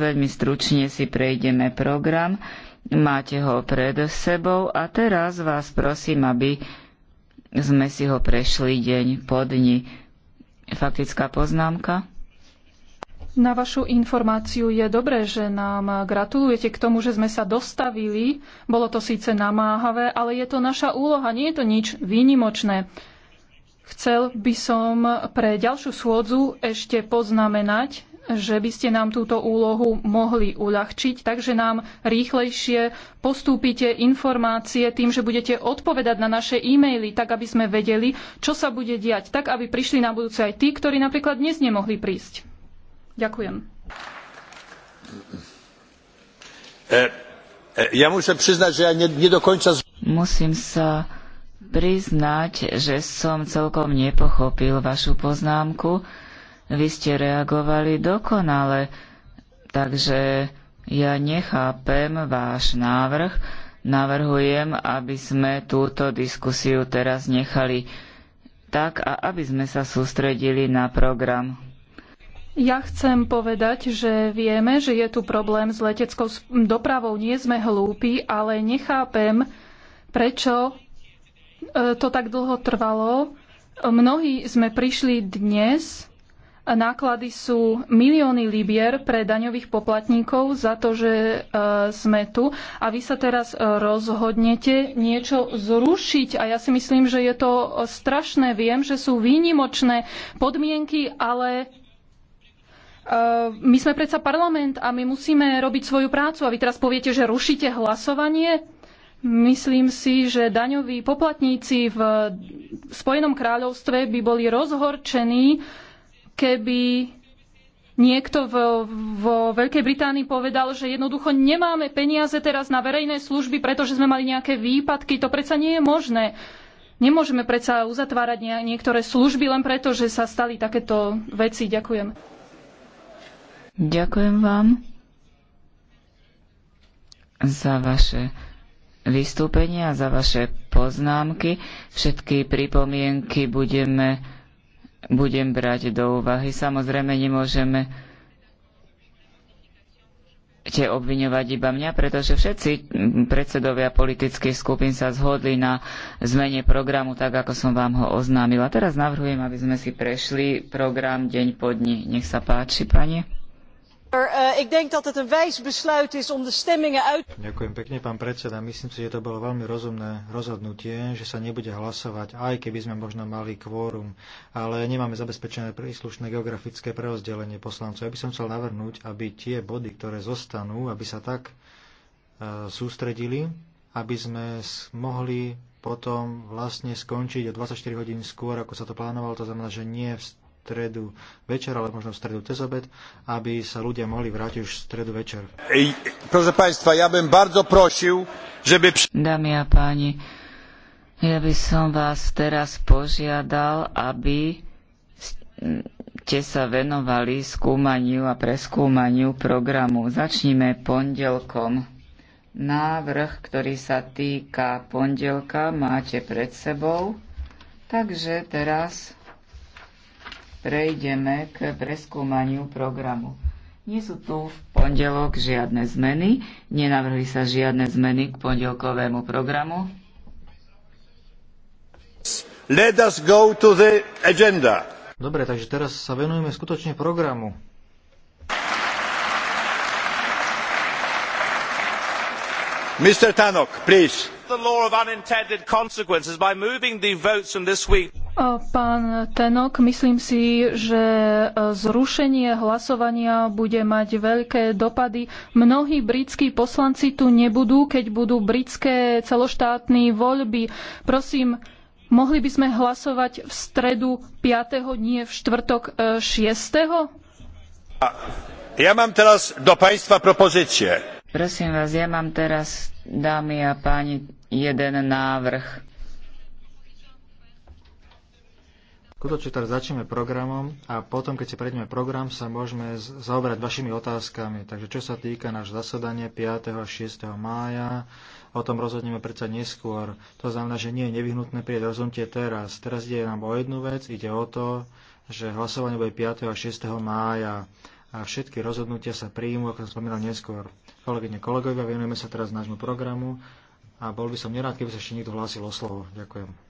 Veľmi stručne si prejdeme program. Máte ho pred sebou a teraz vás prosím, aby sme si ho prešli deň po dni. Faktická poznámka? Na vašu informáciu je dobré, že nám gratulujete k tomu, že sme sa dostavili. Bolo to síce namáhavé, ale je to naša úloha, nie je to nič výnimočné. Chcel by som pre ďalšiu schôdzu ešte poznamenať, že by ste nám túto úlohu mohli uľahčiť, takže nám rýchlejšie postúpite informácie tým, že budete odpovedať na naše e-maily, tak aby sme vedeli, čo sa bude diať, tak aby prišli na budúce aj tí, ktorí napríklad dnes nemohli prísť. Ďakujem. E, e, ja musím priznať, že ja nedokonca... Musím sa priznať, že som celkom nepochopil vašu poznámku vy ste reagovali dokonale, takže ja nechápem váš návrh. Navrhujem, aby sme túto diskusiu teraz nechali tak a aby sme sa sústredili na program. Ja chcem povedať, že vieme, že je tu problém s leteckou dopravou. Nie sme hlúpi, ale nechápem, prečo e, to tak dlho trvalo. Mnohí sme prišli dnes Náklady sú milióny libier pre daňových poplatníkov za to, že e, sme tu a vy sa teraz e, rozhodnete niečo zrušiť a ja si myslím, že je to strašné. Viem, že sú výnimočné podmienky, ale e, my sme predsa parlament a my musíme robiť svoju prácu a vy teraz poviete, že rušíte hlasovanie. Myslím si, že daňoví poplatníci v Spojenom kráľovstve by boli rozhorčení, keby niekto vo, vo Veľkej Británii povedal, že jednoducho nemáme peniaze teraz na verejné služby, pretože sme mali nejaké výpadky. To predsa nie je možné. Nemôžeme predsa uzatvárať niektoré služby len preto, že sa stali takéto veci. Ďakujem. Ďakujem vám za vaše vystúpenia, za vaše poznámky. Všetky pripomienky budeme budem brať do úvahy. Samozrejme, nemôžeme te obviňovať iba mňa, pretože všetci predsedovia politických skupín sa zhodli na zmene programu, tak ako som vám ho oznámila. Teraz navrhujem, aby sme si prešli program deň po dni. Nech sa páči, pani. Ďakujem pekne, pán predseda. Myslím si, že to bolo veľmi rozumné rozhodnutie, že sa nebude hlasovať, aj keby sme možno mali kvórum, ale nemáme zabezpečené príslušné geografické preozdelenie poslancov. Ja by som chcel navrhnúť, aby tie body, ktoré zostanú, aby sa tak eh, sústredili, aby sme mohli potom vlastne skončiť o 24 hodín skôr, ako sa to plánovalo. To znamená, že nie v stredu večer, ale možno v stredu cez obed, aby sa ľudia mohli vrátiť už v stredu večer. Proszę Państwa, ja bym bardzo prosił, żeby... Dámy a páni, ja by som vás teraz požiadal, aby ste sa venovali skúmaniu a preskúmaniu programu. Začnime pondelkom. Návrh, ktorý sa týka pondelka, máte pred sebou. Takže teraz prejdeme k preskúmaniu programu. Nie sú tu v pondelok žiadne zmeny, nenavrhli sa žiadne zmeny k pondelkovému programu. Let us go to the agenda. Dobre, takže teraz sa venujeme skutočne programu. Mr. Tanok, please. The law of unintended consequences by moving the votes from this week. Pán Tenok, myslím si, že e, zrušenie hlasovania bude mať veľké dopady. Mnohí britskí poslanci tu nebudú, keď budú britské celoštátne voľby. Prosím, mohli by sme hlasovať v stredu 5., nie v štvrtok 6.? E, ja mám teraz do państwa propozycję. Prosím vás, ja mám teraz, dámy a páni, jeden návrh. Skutočne teraz začneme programom a potom, keď si prejdeme program, sa môžeme zaoberať vašimi otázkami. Takže čo sa týka náš zasadanie 5. a 6. mája, o tom rozhodneme predsa neskôr. To znamená, že nie je nevyhnutné prieť rozhodnutie teraz. Teraz ide nám o jednu vec, ide o to, že hlasovanie bude 5. a 6. mája a všetky rozhodnutia sa príjmu, ako som spomínal neskôr. Kolegyne, kolegovia, venujeme sa teraz nášmu programu a bol by som nerád, keby sa ešte niekto hlásil o slovo. Ďakujem.